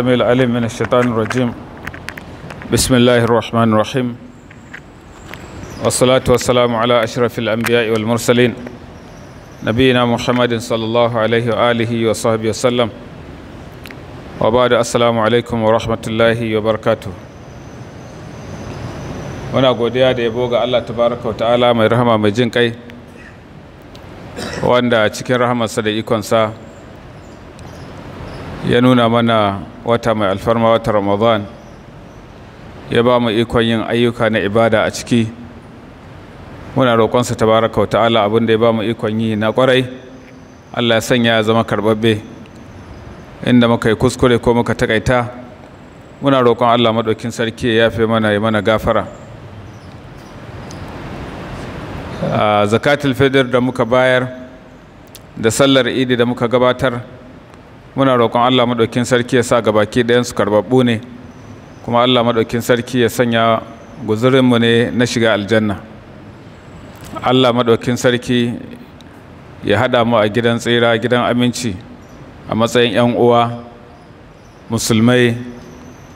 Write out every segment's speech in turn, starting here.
السميع العليم من الشيطان الرجيم بسم الله الرحمن الرحيم والصلاة والسلام على أشرف الأنبياء والمرسلين نبينا محمد صلى الله عليه وآله وصحبه وسلم وبعد السلام عليكم ورحمة الله وبركاته muna godiya da yabo ga Allah tabaraka wa ta'ala mai rahama mai jin kai wanda cikin rahamarsa da ikonsa ya nuna mana wata mai alfarma wata ramadan ya ba mu ikon yin ayyuka na ibada a ciki muna roƙonsa baraka wa ta'ala abin da ya ba mu ikon yi na ƙwarai allah ya sanya ya zama karɓaɓɓe inda muka yi kuskure ko muka taƙaita muna roƙon allah maɗaukin sarki ya yafe mana ya mana gafara a ah, zakatul fidr da muka bayar da sallar idi da muka gabatar muna roƙon Allah maɗaukin sarki ya sa baki ɗayan su karɓaɓɓu ne kuma Allah maɗaukin sarki ya sanya guzurinmu ne na shiga aljanna Allah maɗaukin sarki ya haɗa mu a gidan tsira gidan aminci a matsayin 'yan uwa musulmai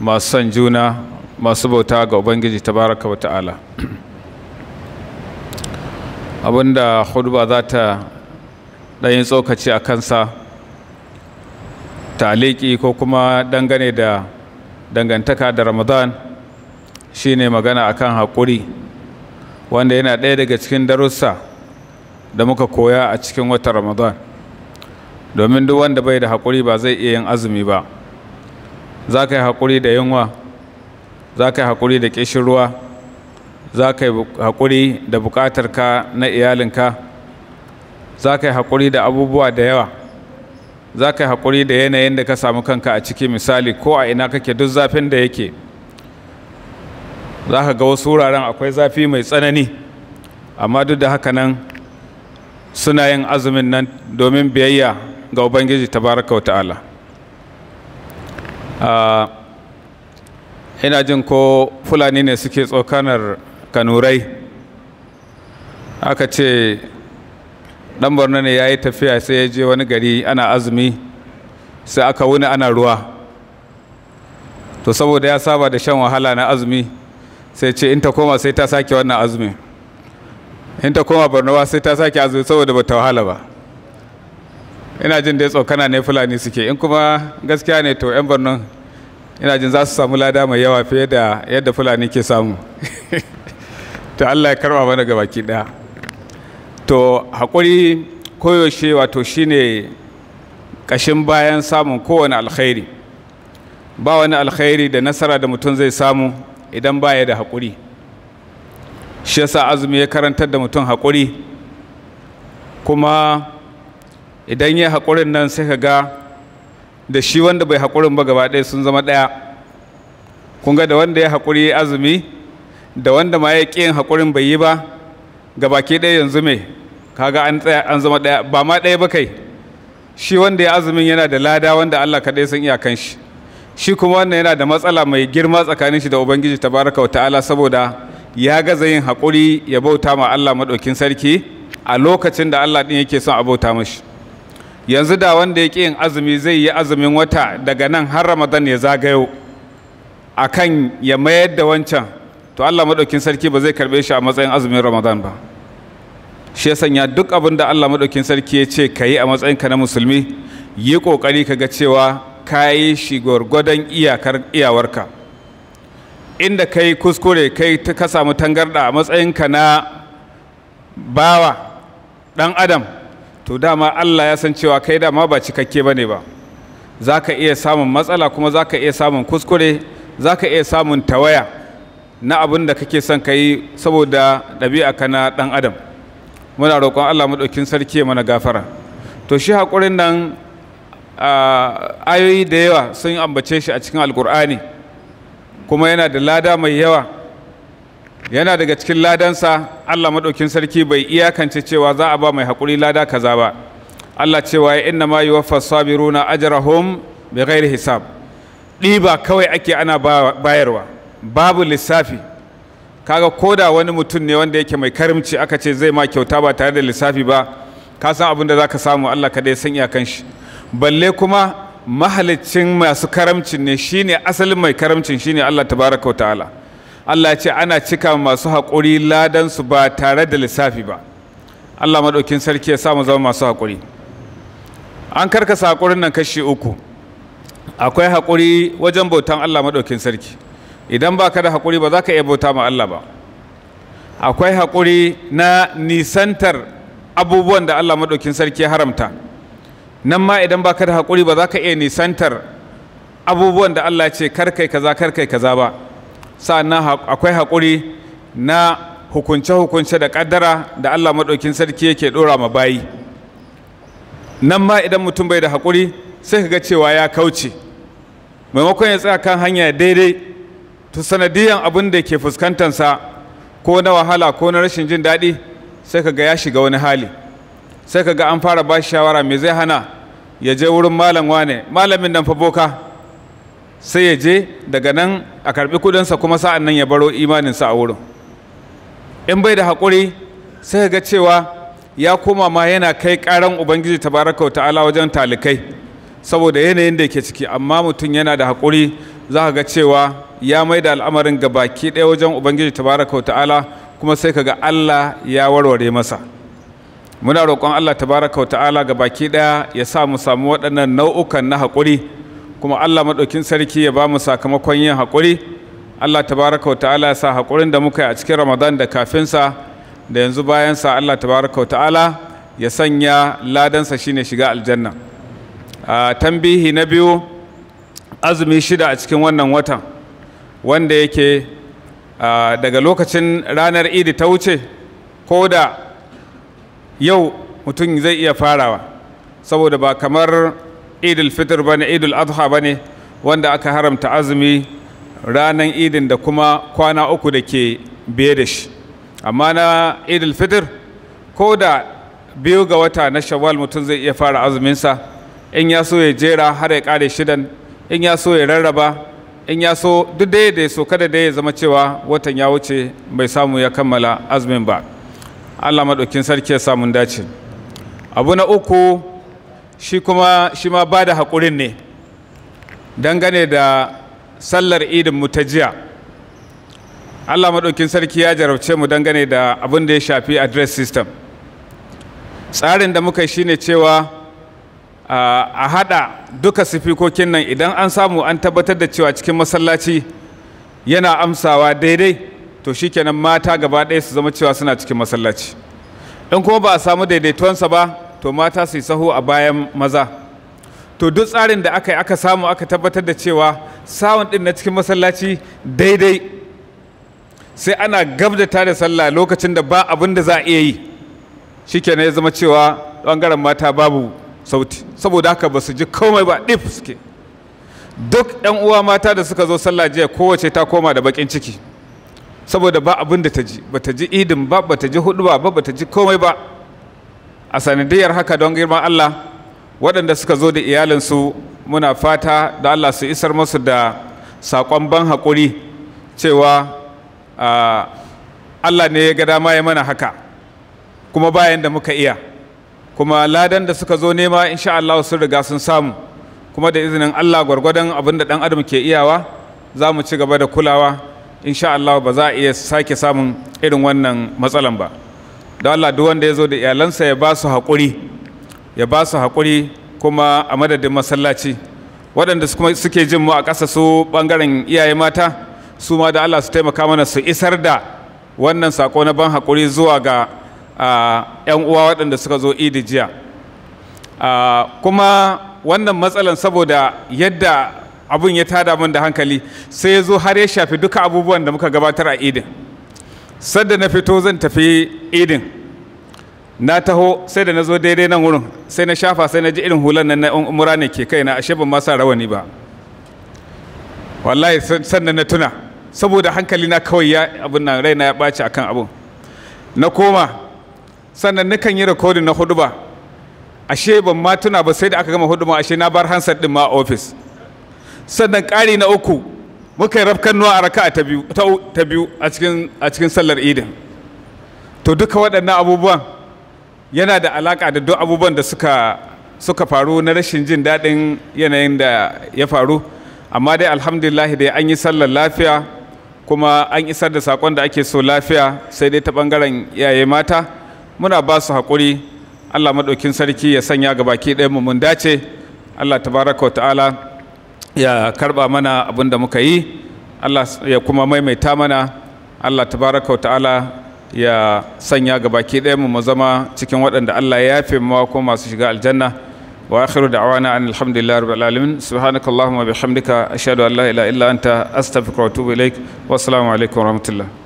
masu son juna masu bauta ga ubangiji tabaraka wa ta'ala abinda hudu za ta ɗanyin tsokaci a kansa taliki ko kuma dangane da dangantaka da ramadan shine magana a kan haƙuri wanda yana ɗaya daga cikin darussa da muka koya a cikin watan ramadan domin duk wanda bai da haƙuri ba zai iya yin azumi ba za ka yi haƙuri da yunwa za ka yi haƙuri da ƙishirwa? za ka yi haƙuri da buƙatarka na iyalinka za ka yi haƙuri da abubuwa da yawa za ka yi haƙuri da yanayin da ka samu kanka a ciki misali ko a ina kake duk zafin da yake za ka ga wasu wuraren akwai zafi mai tsanani amma duk da haka nan suna yin azumin nan domin biyayya ga ubangiji baraka wa ta'ala ah, ina jin ko fulani ne suke tsokanar kanurai aka ce dan borno ne ya yi tafiya sai ya je wani gari ana azumi sai aka wuni ana ruwa to saboda ya saba da shan wahala na azumi sai ce in ta koma sai ta sake wannan azumi in ta koma borno sai ta sake azumi saboda ba ta wahala ba ina jin dai tsokana ne fulani suke in kuma gaskiya ne to 'yan borno ina jin za su samu lada mai yawa fiye da yadda fulani ke samu ta allah ya karba mana gabaki daya to hakuri koyaushe wato shine ƙashin bayan samun kowane alkhairi ba wani alkhairi da nasara da mutum zai samu idan baya da hakuri shi yasa azumi ya karantar da mutum haƙuri kuma idan ya haƙurin nan sai ka ga da shi wanda bai haƙurin ba gaba ɗaya sun zama ɗaya kun ga da wanda ya hakuri azumi da wanda ma ya ƙi yin haƙurin bai yi ba baki ɗaya yanzu mai kaga an tsaya an zama ɗaya ba ma ɗaya ba kai shi wanda ya azumin yana da lada wanda Allah kaɗai san iyakan shi shi kuma wannan yana da matsala mai girma tsakanin shi da ubangiji tabaraka wa ta'ala saboda ya gaza yin haƙuri ya bauta ma Allah maɗaukin sarki a lokacin da Allah ɗin yake son a bauta mashi yanzu da wanda ya ƙi yin azumi zai yi azumin wata daga nan har ramadan ya zagayo akan ya mayar da wancan to Allah madaukin sarki ba zai karbe shi a matsayin azumin Ramadan ba shi ya sanya duk abin da Allah madaukin sarki ya ce ka yi a matsayin ka na musulmi yi kokari ka ga cewa ka yi shi gwargwadon iyakar iyawarka inda ka yi kuskure kai ka samu tangarda a matsayin ka na bawa ɗan adam to dama Allah ya san cewa kai dama ba cikakke bane ba za ka iya samun matsala kuma za ka iya samun kuskure za ka iya samun tawaya na abin da kake son ka saboda ɗabi'a ka na ɗan adam muna roƙon allah maɗaukin sarki mana gafara to shi haƙurin nan ayoyi da yawa sun ambace shi a cikin alƙur'ani kuma yana da lada mai yawa yana daga cikin ladansa allah maɗaukin sarki bai iyakance cewa za a ba mai haƙuri lada kaza ba allah cewa ya inna ma yuwaffa sabiruna ajrahum bi ghairi hisab ɗiba kawai ake ana bayarwa babu lissafi kaga koda wani mutum ne wanda yake mai karimci aka ce zai ma kyauta ba tare da lissafi ba ka san abin da za ka samu Allah kaɗai san iyakan shi balle kuma mahalicin masu karamcin ne shine asalin mai karamcin shine Allah tabaraka wa ta'ala Allah ya ce ana cika masu haƙuri ladan su ba tare da lissafi ba Allah maɗaukin sarki ya samu zama masu haƙuri an karkasa haƙurin nan kashi uku akwai haƙuri wajen bautan Allah maɗaukin sarki idan ba ka da haƙuri ba za ka iya bauta ma Allah ba akwai haƙuri na nisantar abubuwan da Allah maɗaukin sarki ya haramta nan ma idan ba ka da haƙuri ba za ka iya nisantar abubuwan da Allah ce karkai kaza karkai kaza ba sa'annan akwai haƙuri na hukunce-hukunce da ƙaddara da Allah maɗaukin sarki yake ɗora ma bayi nan ma idan mutum bai da haƙuri sai ka ga cewa ya kauce maimakon ya tsaya kan hanya daidai ta sanadiyan abin da ke fuskantansa ko na wahala ko na rashin jin daɗi sai ka ga ya shiga wani hali sai ka ga an fara ba shawara me zai hana ya je wurin malam wane malamin nan fa boka sai ya je daga nan a karbi kudinsa kuma sa'an nan ya baro imaninsa a wurin in bai da haƙuri sai ka ga cewa ya koma ma yana kai ƙaran ubangiji tabaraka wa ta'ala wajen talikai saboda yanayin da yake ciki amma mutum yana da haƙuri za ka ga cewa ya mai da al'amarin ga baki ɗaya wajen ubangiji tabaraka ta'ala kuma sai kaga allah ya warware masa muna roƙon allah tabaraka ta'ala ga baki ɗaya ya sa mu samu waɗannan nau'ukan na haƙuri kuma allah maɗaukin sarki ya ba mu sakamakon yin haƙuri allah tabaraka ta'ala ya sa haƙurin da muka yi a cikin ramadan da kafinsa da yanzu bayansa allah tabaraka ta'ala ya sanya ladansa shine shiga aljanna ah, tambihi na biyu azumi shida a cikin wannan watan wanda yake daga lokacin ranar idi ta wuce ko da yau mutum zai iya farawa saboda ba kamar idil fitr ba ne idil adha ba ne wanda aka haramta azumi ranar idin da kuma kwana uku da ke biye da shi amma na idil fitr ko da biyu ga wata na shawwal mutum zai iya fara azuminsa in ya so ya jera har ya kare shidan in ya so ya rarraba in ya so duk da ya so kada da ya zama cewa watan ya wuce bai samu ya kammala azumin ba allah maɗaukin sarki ya samun dace abu na uku shi kuma shi ma ba da haƙurin ne dangane da sallar idin mu ta jiya allah maɗaukin sarki ya jarabce mu dangane da abin da ya shafi address system tsarin da muka shi ne cewa a haɗa duka sifikokin nan idan an samu an tabbatar da cewa cikin masallaci yana amsawa daidai to shikenan mata gaba ɗaya su zama cewa suna cikin masallaci in kuma ba a samu daidaituwansa ba to mata su yi saho a bayan maza to duk tsarin da aka yi aka samu aka tabbatar da cewa sawun ɗin na cikin masallaci daidai sai ana gab da sallah lokacin da ba abin da za a iya yi shikenan ya zama cewa ɓangaren mata babu sauti saboda haka ba su ji komai ba ɗif suke duk yan uwa mata da suka zo sallah jiya kowace ta koma da bakin ciki saboda ba abin da ta ji ba ta ji idin ba ba ta ji hudu ba ba ta ji komai ba a sanadiyar haka don girman Allah waɗanda suka zo da iyalinsu muna fata da Allah su isar masu da saƙon ban haƙuri cewa ah, Allah ne ya ga dama ya mana haka kuma bayan da muka iya kuma ladan da suka zo nema insha Allah sun riga sun samu kuma da izinin Allah gwargwadon abin da ɗan adam ke iyawa za mu ci gaba da kulawa insha Allah ba za a iya sake samun irin wannan matsalan ba da Allah duk wanda ya zo da iyalansa ya ba su haƙuri ya ba su haƙuri kuma a madadin masallaci waɗanda kuma suke jin mu a ƙasa su ɓangaren iyaye mata su ma da Allah su taimaka mana su isar da wannan sako na ban haƙuri zuwa ga 'yan uwa waɗanda suka zo idi jiya kuma wannan matsalan saboda yadda abun ya tada min da hankali sai ya zo har ya shafi duka abubuwan da muka gabatar a idin sadda na fito zan tafi idin na taho sai da na zo daidai nan wurin sai na shafa sai na ji irin hulan nan na umura ne ke kaina ashe ban ma sa rawani ba wallahi sannan na tuna saboda hankali na kawai ya abin nan raina ya ɓaci akan abun na koma sannan nakan yi rikodin na huduba ashe ban ma ba sai da aka gama huduma ashe na bar hansar din ma a ofis sannan ƙari na uku muka yi rafkan nuwa a raka ta biyu a cikin sallar idin to duka waɗannan abubuwan yana da alaƙa da duk abubuwan da suka faru na rashin jin daɗin yanayin da ya faru amma dai alhamdulillah dai an yi sallar lafiya kuma an isar da saƙon da ake so lafiya sai dai ta ɓangaren yaye mata muna ba su haƙuri allah maɗaukin sarki ya sanya ga baki ɗaya mu mun dace allah tabaraka wa ta'ala ya karɓa mana abin da muka yi allah ya kuma maimaita mana allah tabaraka wa ta'ala ya sanya ga baki ɗaya mu zama cikin waɗanda allah ya yafe mawa ko masu shiga aljanna wa akhiru da'wana an alhamdulillahi rabbil alamin subhanakallahumma bihamdika ashhadu an la ilaha illa anta astaghfiruka wa atubu ilaik wa assalamu alaikum wa rahmatullah